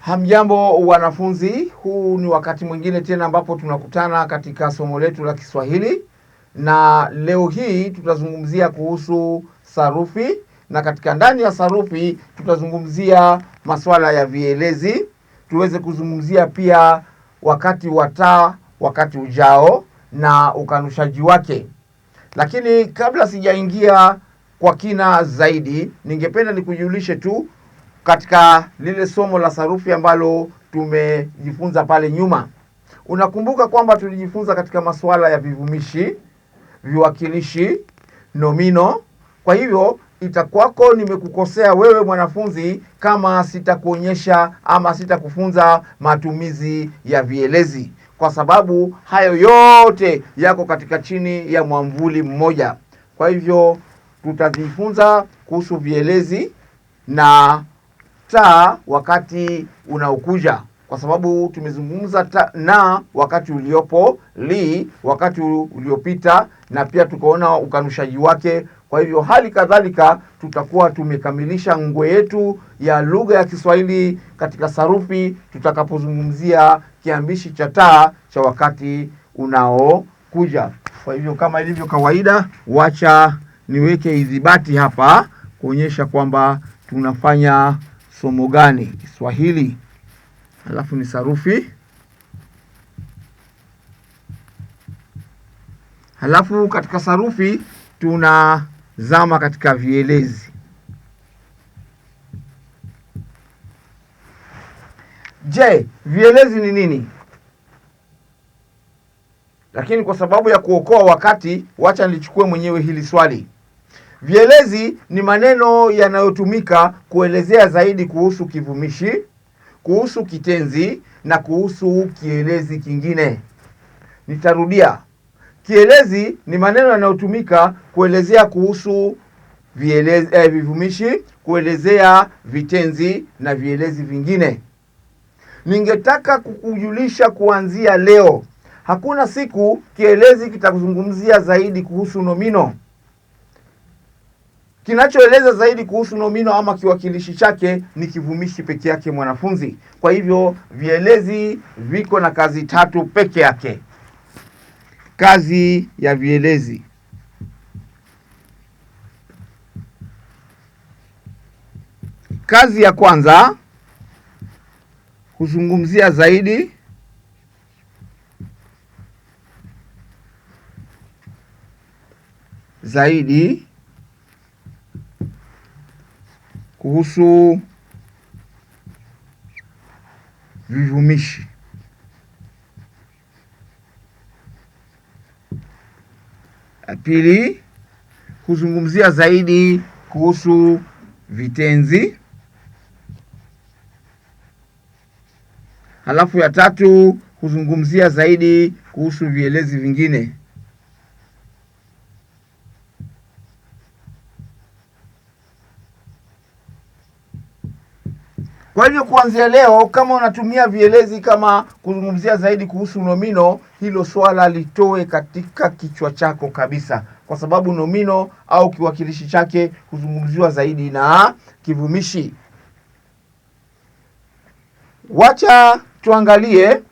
Hamjambo wanafunzi, huu ni wakati mwingine tena ambapo tunakutana katika somo letu la Kiswahili, na leo hii tutazungumzia kuhusu sarufi, na katika ndani ya sarufi tutazungumzia masuala ya vielezi, tuweze kuzungumzia pia wakati wa taa, wakati ujao na ukanushaji wake. Lakini kabla sijaingia kwa kina zaidi, ningependa nikujulishe tu katika lile somo la sarufi ambalo tumejifunza pale nyuma. Unakumbuka kwamba tulijifunza katika masuala ya vivumishi, viwakilishi, nomino. Kwa hivyo itakwako nimekukosea wewe mwanafunzi kama sitakuonyesha ama sitakufunza matumizi ya vielezi, kwa sababu hayo yote yako katika chini ya mwamvuli mmoja. Kwa hivyo tutajifunza kuhusu vielezi na ta wakati unaokuja, kwa sababu tumezungumza na wakati uliopo, li wakati uliopita, na pia tukaona ukanushaji wake. Kwa hivyo hali kadhalika tutakuwa tumekamilisha ngwe yetu ya lugha ya Kiswahili katika sarufi tutakapozungumzia kiambishi cha taa cha wakati unaokuja. Kwa hivyo kama ilivyo kawaida, wacha niweke idhibati hapa kuonyesha kwamba tunafanya somo gani Kiswahili, alafu ni sarufi, halafu katika sarufi tunazama katika vielezi. Je, vielezi ni nini? Lakini kwa sababu ya kuokoa wakati, wacha nilichukue mwenyewe hili swali. Vielezi ni maneno yanayotumika kuelezea zaidi kuhusu kivumishi, kuhusu kitenzi na kuhusu kielezi kingine. Nitarudia. Kielezi ni maneno yanayotumika kuelezea kuhusu vielezi, eh, vivumishi, kuelezea vitenzi na vielezi vingine. Ningetaka kukujulisha kuanzia leo, hakuna siku kielezi kitazungumzia zaidi kuhusu nomino Kinachoeleza zaidi kuhusu nomino ama kiwakilishi chake ni kivumishi peke yake mwanafunzi. Kwa hivyo vielezi viko na kazi tatu peke yake. Kazi ya vielezi Kazi ya kwanza huzungumzia zaidi zaidi kuhusu vivumishi. Pili, kuzungumzia zaidi kuhusu vitenzi. Halafu ya tatu kuzungumzia zaidi kuhusu vielezi vingine. Kwa hivyo kuanzia leo, kama unatumia vielezi kama kuzungumzia zaidi kuhusu nomino, hilo swala litoe katika kichwa chako kabisa, kwa sababu nomino au kiwakilishi chake huzungumziwa zaidi na kivumishi. Wacha tuangalie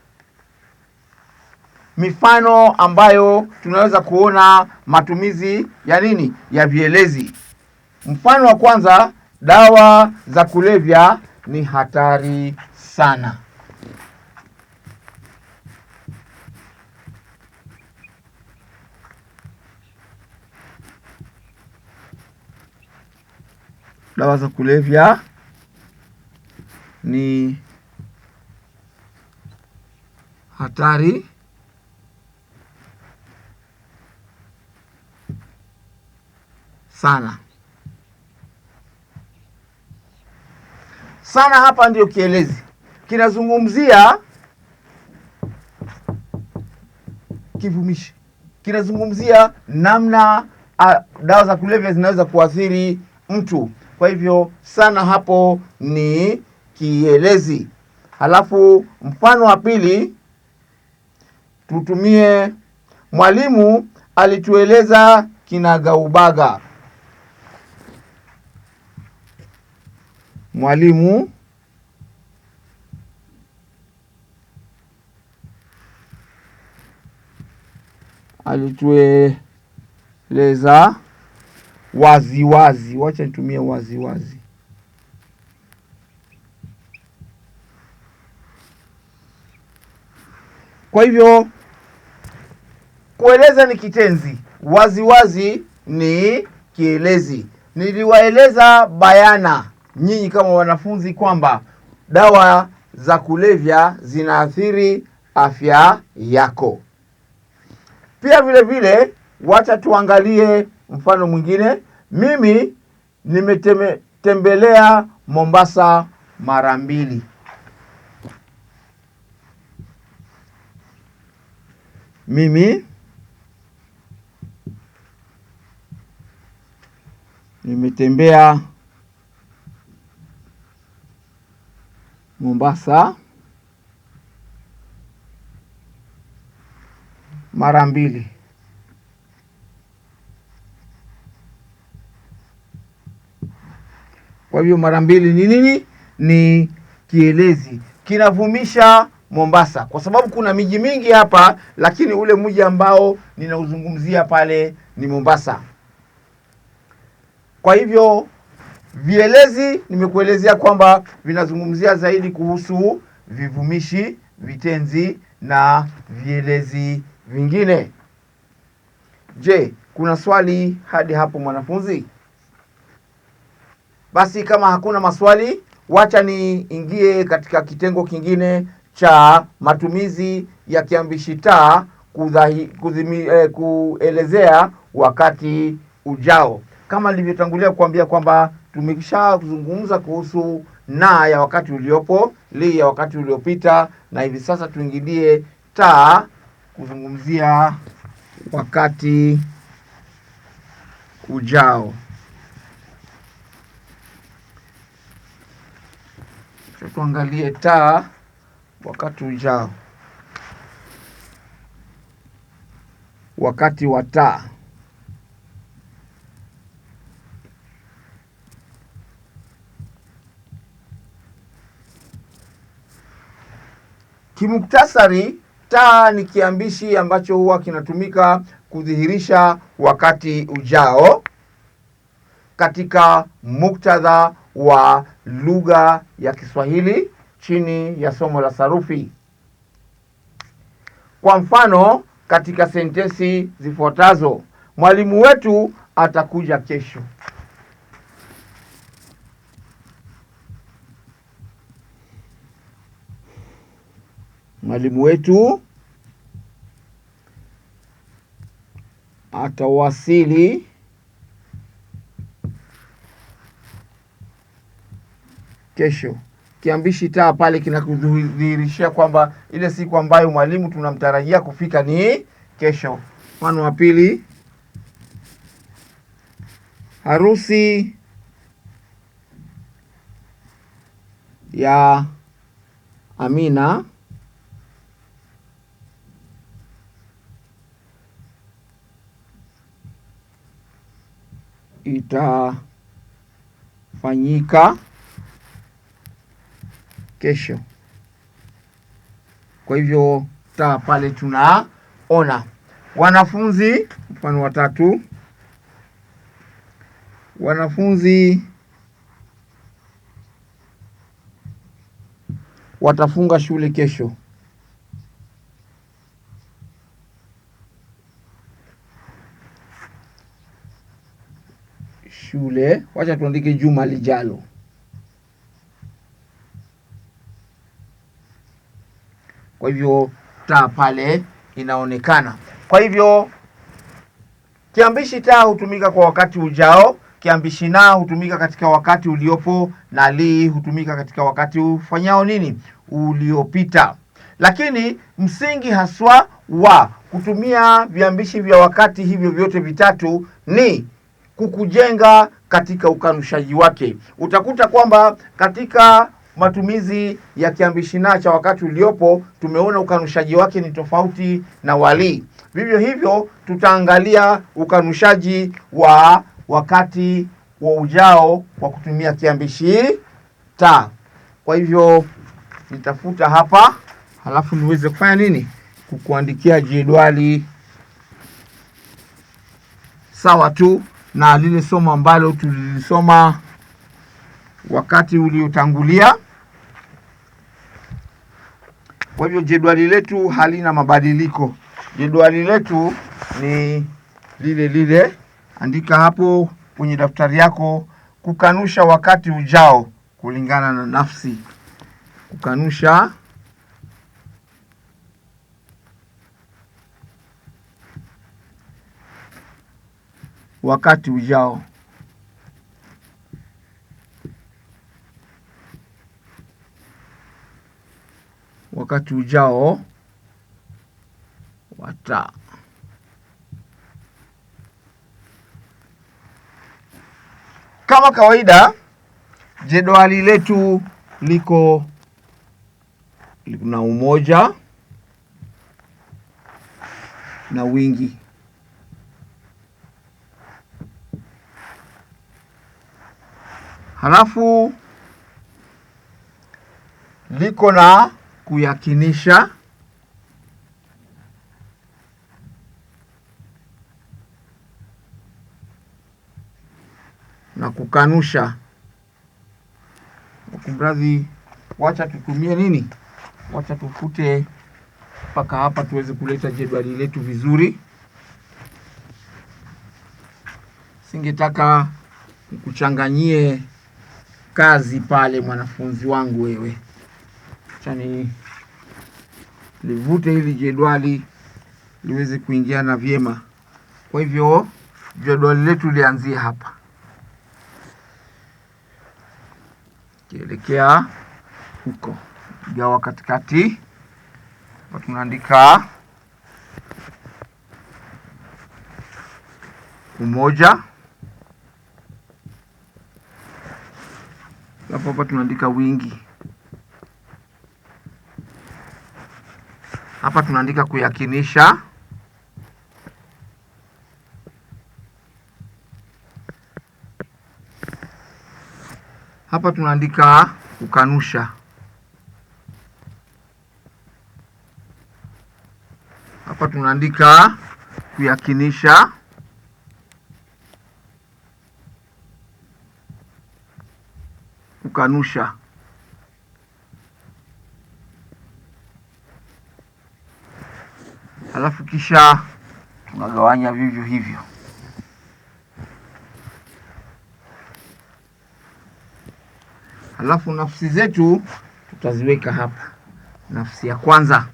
mifano ambayo tunaweza kuona matumizi ya nini ya vielezi. Mfano wa kwanza, dawa za kulevya ni hatari sana. Dawa za kulevya ni hatari sana. sana hapa ndiyo kielezi kinazungumzia kivumishi, kinazungumzia namna dawa za kulevya zinaweza kuathiri mtu. Kwa hivyo sana hapo ni kielezi. Halafu mfano wa pili tutumie, mwalimu alitueleza kinagaubaga. mwalimu alitueleza waziwazi, wacha nitumie waziwazi Kwa hivyo kueleza ni kitenzi, waziwazi wazi ni kielezi. Niliwaeleza bayana nyinyi kama wanafunzi kwamba dawa za kulevya zinaathiri afya yako. Pia vile vile, wacha tuangalie mfano mwingine. Mimi nimetembelea Mombasa mara mbili. Mimi nimetembea Mombasa mara mbili. Kwa hivyo mara mbili ni nini? Ni kielezi kinavumisha Mombasa, kwa sababu kuna miji mingi hapa, lakini ule mji ambao ninauzungumzia pale ni Mombasa. Kwa hivyo Vielezi nimekuelezea kwamba vinazungumzia zaidi kuhusu vivumishi, vitenzi na vielezi vingine. Je, kuna swali hadi hapo mwanafunzi? Basi kama hakuna maswali, wacha niingie katika kitengo kingine cha matumizi ya kiambishi ta eh, kuelezea wakati ujao. Kama nilivyotangulia kuambia kwamba tumekisha kuzungumza kuhusu na ya wakati uliopo, li ya wakati uliopita, na hivi sasa tuingilie ta kuzungumzia wakati ujao. Tuangalie ta wakati ujao, wakati wa taa Kimuktasari, taa ni kiambishi ambacho huwa kinatumika kudhihirisha wakati ujao katika muktadha wa lugha ya Kiswahili chini ya somo la sarufi. Kwa mfano, katika sentensi zifuatazo: mwalimu wetu atakuja kesho. mwalimu wetu atawasili kesho. Kiambishi taa pale kinakudhihirishia kwamba ile siku ambayo mwalimu tunamtarajia kufika ni kesho. Mfano wa pili, harusi ya Amina itafanyika kesho. Kwa hivyo ta pale tunaona wanafunzi, mfano watatu, wanafunzi watafunga shule kesho. shule, wacha tuandike juma lijalo. Kwa hivyo taa pale inaonekana. Kwa hivyo kiambishi taa hutumika kwa wakati ujao, kiambishi na hutumika katika wakati uliopo, na li hutumika katika wakati ufanyao nini, uliopita. Lakini msingi haswa wa kutumia viambishi vya wakati hivyo vyote vitatu ni kukujenga katika ukanushaji wake. Utakuta kwamba katika matumizi ya kiambishi na cha wakati uliopo tumeona ukanushaji wake ni tofauti na wali. Vivyo hivyo tutaangalia ukanushaji wa wakati wa ujao kwa kutumia kiambishi ta. Kwa hivyo nitafuta hapa, halafu niweze kufanya nini, kukuandikia jedwali sawa tu na lile somo ambalo tulilisoma wakati uliotangulia. Kwa hivyo jedwali letu halina mabadiliko, jedwali letu ni lile lile. Andika hapo kwenye daftari yako, kukanusha wakati ujao kulingana na nafsi. Kukanusha wakati ujao. Wakati ujao wata kama kawaida, jedwali letu liko na umoja na wingi. halafu liko na kuyakinisha na kukanusha. Kumradhi, wacha tutumie nini, wacha tufute mpaka hapa tuweze kuleta jedwali letu vizuri. Singetaka nikuchanganyie kazi pale, mwanafunzi wangu wewe. Acha ni livute hili jedwali liweze kuingiana vyema. Kwa hivyo jedwali letu lianzie hapa kielekea huko, gawa katikati, hapa tunaandika umoja ambapo hapa tunaandika wingi. Hapa tunaandika kuyakinisha hapa tunaandika kukanusha, hapa tunaandika kuyakinisha, kukanusha halafu kisha tunagawanya vivyo hivyo. Halafu nafsi zetu tutaziweka hapa. Nafsi ya kwanza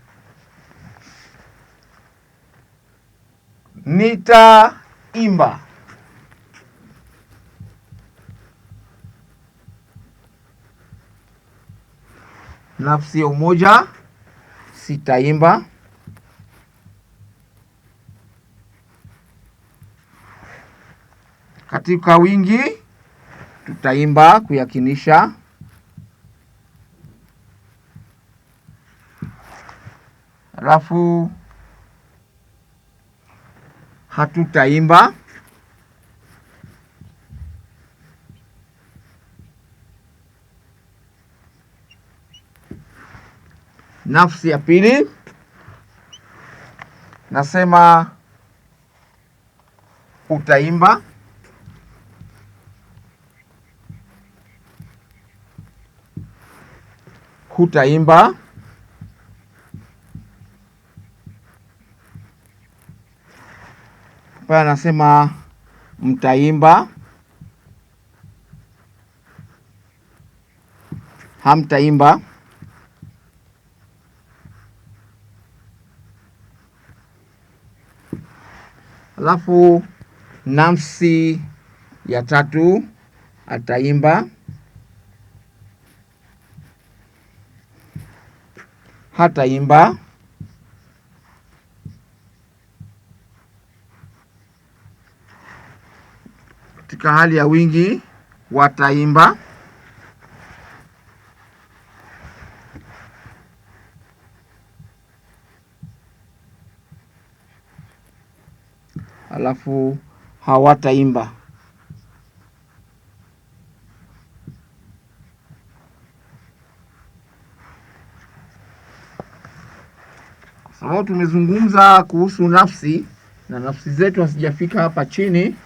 nitaimba nafsi ya umoja sitaimba. Katika wingi tutaimba kuyakinisha. rafu, hatutaimba. nafsi ya pili, nasema utaimba hutaimba pale, anasema mtaimba, hamtaimba. Alafu namsi ya tatu ataimba hataimba katika hali ya wingi wataimba alafu hawataimba. Kwa sababu tumezungumza kuhusu nafsi na nafsi zetu hazijafika hapa chini,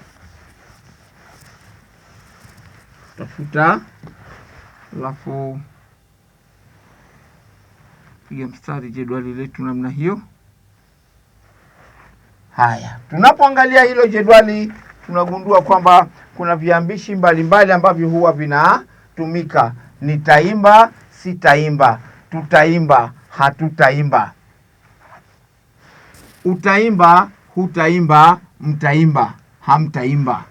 tafuta alafu piga mstari jedwali letu namna hiyo. Haya, tunapoangalia hilo jedwali tunagundua kwamba kuna viambishi mbalimbali ambavyo huwa vinatumika: nitaimba, sitaimba, tutaimba, hatutaimba, utaimba, hutaimba, mtaimba, hamtaimba.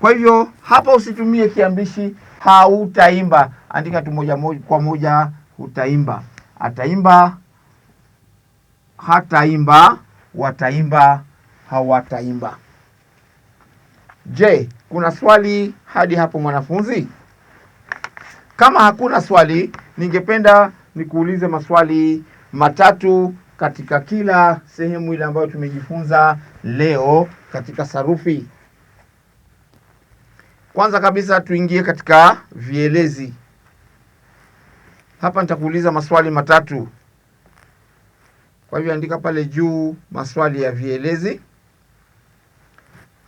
Kwa hivyo hapa usitumie kiambishi hautaimba, andika tu moja moja kwa moja, hutaimba, ataimba hataimba, wataimba, hawataimba. Je, kuna swali hadi hapo mwanafunzi? Kama hakuna swali, ningependa nikuulize maswali matatu katika kila sehemu ile ambayo tumejifunza leo katika sarufi. Kwanza kabisa tuingie katika vielezi. Hapa nitakuuliza maswali matatu. Kwa hivyo andika pale juu maswali ya vielezi,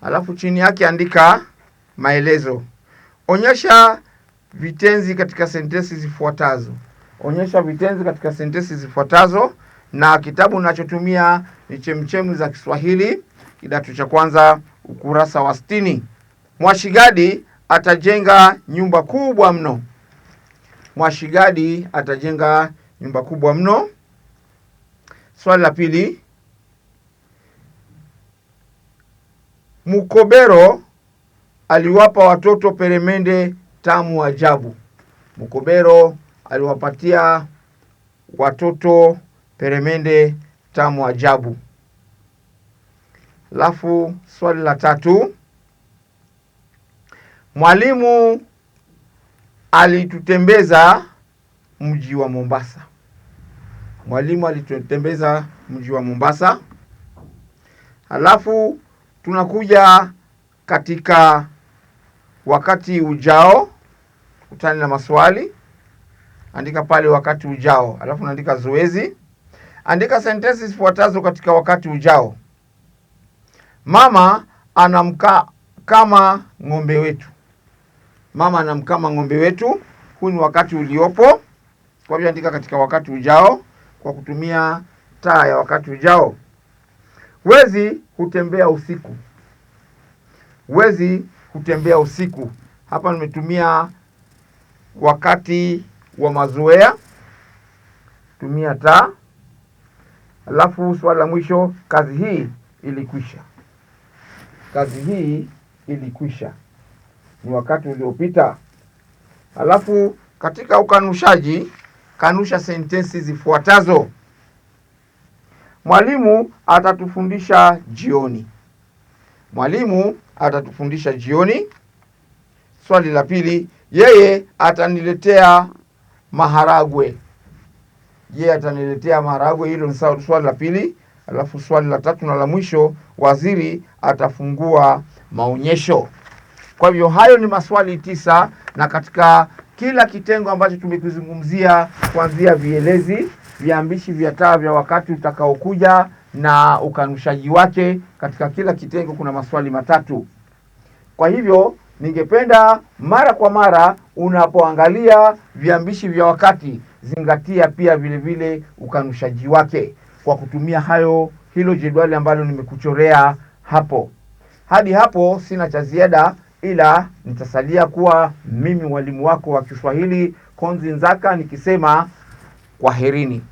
alafu chini yake andika maelezo. Onyesha vitenzi katika sentensi zifuatazo. Onyesha vitenzi katika sentensi zifuatazo. Na kitabu nachotumia ni Chemchemi za Kiswahili kidato cha kwanza, ukurasa wa sitini. Mwashigadi atajenga nyumba kubwa mno. Mwashigadi atajenga nyumba kubwa mno. Swali la pili, Mukobero aliwapa watoto peremende tamu ajabu. Mukobero aliwapatia watoto peremende tamu ajabu. Alafu swali la tatu, mwalimu alitutembeza mji wa Mombasa. Mwalimu alitutembeza mji wa Mombasa, halafu tunakuja katika wakati ujao, kutani na maswali, andika pale wakati ujao, alafu naandika zoezi, andika sentensi zifuatazo katika wakati ujao. Mama anamkama ng'ombe wetu. Mama anamkama ng'ombe wetu. Huu ni wakati uliopo, kwa hivyo andika katika wakati ujao kwa kutumia taa ya wakati ujao. Wezi hutembea usiku, wezi hutembea usiku. Hapa nimetumia wakati wa mazoea, tumia taa. Alafu swali la mwisho, kazi hii ilikwisha. Kazi hii ilikwisha ni wakati uliopita. Alafu katika ukanushaji kanusha sentensi zifuatazo. Mwalimu atatufundisha jioni. Mwalimu atatufundisha jioni. Swali la pili, yeye ataniletea maharagwe. Yeye ataniletea maharagwe, hilo ni swali la pili. Alafu swali la tatu na la mwisho, waziri atafungua maonyesho. Kwa hivyo hayo ni maswali tisa, na katika kila kitengo ambacho tumekizungumzia kuanzia vielezi, viambishi vya taa vya wakati utakaokuja na ukanushaji wake, katika kila kitengo kuna maswali matatu. Kwa hivyo ningependa mara kwa mara unapoangalia viambishi vya wakati zingatia pia vile vile ukanushaji wake kwa kutumia hayo hilo jedwali ambalo nimekuchorea hapo. Hadi hapo sina cha ziada ila nitasalia kuwa mimi mwalimu wako wa Kiswahili Konzi Nzaka nikisema kwaherini.